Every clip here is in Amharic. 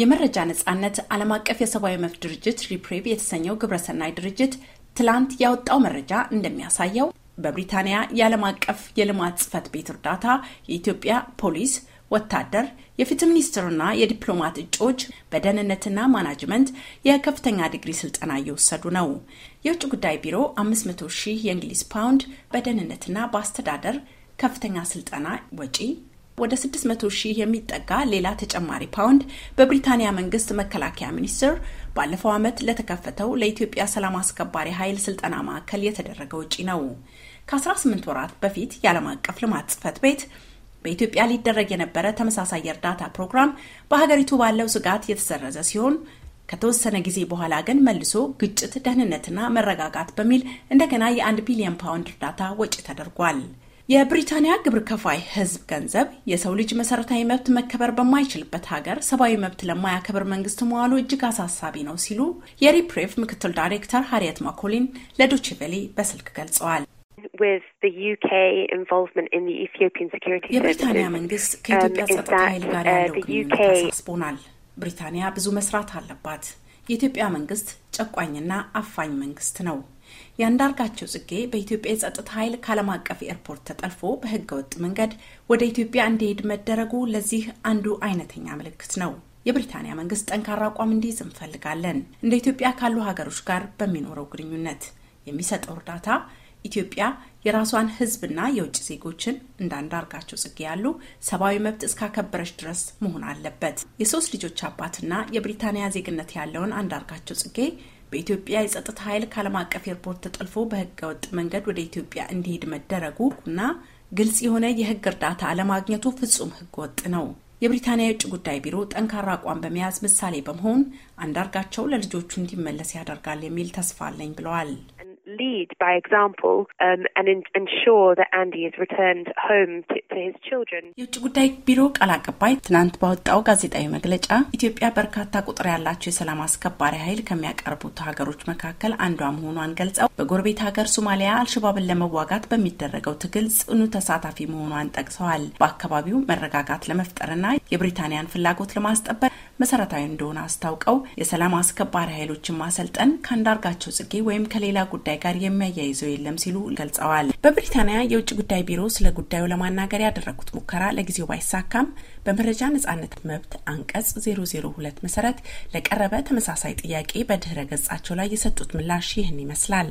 የመረጃ ነጻነት ዓለም አቀፍ የሰብአዊ መብት ድርጅት ሪፕሬቭ የተሰኘው ግብረሰናይ ድርጅት ትላንት ያወጣው መረጃ እንደሚያሳየው በብሪታንያ የዓለም አቀፍ የልማት ጽህፈት ቤት እርዳታ የኢትዮጵያ ፖሊስ፣ ወታደር፣ የፍትህ ሚኒስትርና የዲፕሎማት እጩዎች በደህንነትና ማናጅመንት የከፍተኛ ዲግሪ ስልጠና እየወሰዱ ነው። የውጭ ጉዳይ ቢሮ 500 ሺህ የእንግሊዝ ፓውንድ በደህንነትና በአስተዳደር ከፍተኛ ስልጠና ወጪ ወደ 600 ሺህ የሚጠጋ ሌላ ተጨማሪ ፓውንድ በብሪታንያ መንግስት መከላከያ ሚኒስቴር ባለፈው ዓመት ለተከፈተው ለኢትዮጵያ ሰላም አስከባሪ ኃይል ስልጠና ማዕከል የተደረገ ውጪ ነው። ከ18 ወራት በፊት የዓለም አቀፍ ልማት ጽህፈት ቤት በኢትዮጵያ ሊደረግ የነበረ ተመሳሳይ የእርዳታ ፕሮግራም በሀገሪቱ ባለው ስጋት የተሰረዘ ሲሆን ከተወሰነ ጊዜ በኋላ ግን መልሶ ግጭት፣ ደህንነትና መረጋጋት በሚል እንደገና የአንድ ቢሊዮን ፓውንድ እርዳታ ወጪ ተደርጓል። የብሪታንያ ግብር ከፋይ ህዝብ ገንዘብ የሰው ልጅ መሰረታዊ መብት መከበር በማይችልበት ሀገር ሰብአዊ መብት ለማያከብር መንግስት መዋሉ እጅግ አሳሳቢ ነው ሲሉ የሪፕሬቭ ምክትል ዳይሬክተር ሀሪየት ማኮሊን ለዶችቬሌ በስልክ ገልጸዋል። የብሪታንያ መንግስት ከኢትዮጵያ um, ጸጥታ ኃይል uh, ጋር ያለው ግንኙነት አሳስቦናል። ብሪታንያ ብዙ መስራት አለባት። የኢትዮጵያ መንግስት ጨቋኝና አፋኝ መንግስት ነው። የአንዳርጋቸው ጽጌ በኢትዮጵያ የጸጥታ ኃይል ከዓለም አቀፍ ኤርፖርት ተጠልፎ በህገወጥ መንገድ ወደ ኢትዮጵያ እንዲሄድ መደረጉ ለዚህ አንዱ አይነተኛ ምልክት ነው። የብሪታንያ መንግስት ጠንካራ አቋም እንዲይዝ እንፈልጋለን። እንደ ኢትዮጵያ ካሉ ሀገሮች ጋር በሚኖረው ግንኙነት የሚሰጠው እርዳታ ኢትዮጵያ የራሷን ህዝብና የውጭ ዜጎችን እንደ አንዳርጋቸው ጽጌ ያሉ ሰብአዊ መብት እስካከበረች ድረስ መሆን አለበት። የሶስት ልጆች አባትና የብሪታንያ ዜግነት ያለውን አንዳርጋቸው ጽጌ በኢትዮጵያ የጸጥታ ኃይል ከዓለም አቀፍ ኤርፖርት ተጠልፎ በህገ ወጥ መንገድ ወደ ኢትዮጵያ እንዲሄድ መደረጉ ና ግልጽ የሆነ የህግ እርዳታ አለማግኘቱ ፍጹም ህገወጥ ወጥ ነው። የብሪታንያ የውጭ ጉዳይ ቢሮ ጠንካራ አቋም በመያዝ ምሳሌ በመሆን አንዳርጋቸው ለልጆቹ እንዲመለስ ያደርጋል የሚል ተስፋ አለኝ ብለዋል። lead by example um, and in, ensure that Andy is returned home to, to his children። የውጭ ጉዳይ ቢሮ ቃል አቀባይ ትናንት ባወጣው ጋዜጣዊ መግለጫ ኢትዮጵያ በርካታ ቁጥር ያላቸው የሰላም አስከባሪ ኃይል ከሚያቀርቡት ሀገሮች መካከል አንዷ መሆኗን ገልጸው በጎረቤት ሀገር ሶማሊያ አልሸባብን ለመዋጋት በሚደረገው ትግል ጽኑ ተሳታፊ መሆኗን ጠቅሰዋል። በአካባቢው መረጋጋት ለመፍጠርና የብሪታንያን ፍላጎት ለማስጠበቅ መሰረታዊ እንደሆነ አስታውቀው የሰላም አስከባሪ ኃይሎችን ማሰልጠን ከአንዳርጋቸው ጽጌ ወይም ከሌላ ጉዳይ ጋር የሚያያይዘው የለም ሲሉ ገልጸዋል። በብሪታንያ የውጭ ጉዳይ ቢሮ ስለ ጉዳዩ ለማናገር ያደረጉት ሙከራ ለጊዜው ባይሳካም በመረጃ ነጻነት መብት አንቀጽ 002 መሰረት ለቀረበ ተመሳሳይ ጥያቄ በድህረ ገጻቸው ላይ የሰጡት ምላሽ ይህን ይመስላል።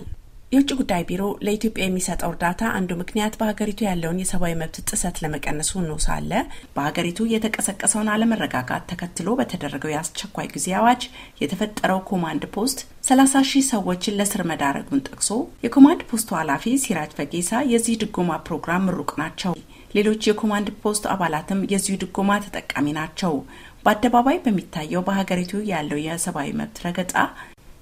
የውጭ ጉዳይ ቢሮ ለኢትዮጵያ የሚሰጠው እርዳታ አንዱ ምክንያት በሀገሪቱ ያለውን የሰብአዊ መብት ጥሰት ለመቀነሱ ነው ሳለ በሀገሪቱ የተቀሰቀሰውን አለመረጋጋት ተከትሎ በተደረገው የአስቸኳይ ጊዜ አዋጅ የተፈጠረው ኮማንድ ፖስት ሰላሳ ሺህ ሰዎችን ለስር መዳረጉን ጠቅሶ የኮማንድ ፖስቱ ኃላፊ ሲራጅ ፈጌሳ የዚህ ድጎማ ፕሮግራም ምሩቅ ናቸው። ሌሎች የኮማንድ ፖስት አባላትም የዚሁ ድጎማ ተጠቃሚ ናቸው። በአደባባይ በሚታየው በሀገሪቱ ያለው የሰብአዊ መብት ረገጣ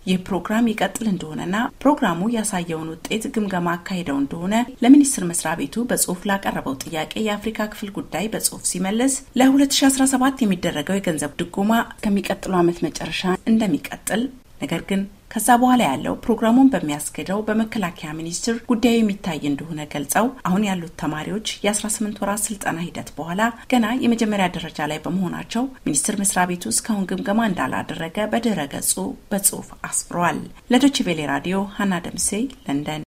ይህ ፕሮግራም ይቀጥል እንደሆነና ፕሮግራሙ ያሳየውን ውጤት ግምገማ አካሂደው እንደሆነ ለሚኒስቴር መስሪያ ቤቱ በጽሁፍ ላቀረበው ጥያቄ የአፍሪካ ክፍል ጉዳይ በጽሁፍ ሲመልስ ለ2017 የሚደረገው የገንዘብ ድጎማ ከሚቀጥለው ዓመት መጨረሻ እንደሚቀጥል ነገር ግን ከዛ በኋላ ያለው ፕሮግራሙን በሚያስገደው በመከላከያ ሚኒስቴር ጉዳዩ የሚታይ እንደሆነ ገልጸው አሁን ያሉት ተማሪዎች የ18 ወራት ስልጠና ሂደት በኋላ ገና የመጀመሪያ ደረጃ ላይ በመሆናቸው ሚኒስቴር መስሪያ ቤቱ እስካሁን ግምገማ እንዳላደረገ በድረ ገጹ በጽሁፍ አስፍሯል። ለዶችቬሌ ራዲዮ ሀና ደምሴ ለንደን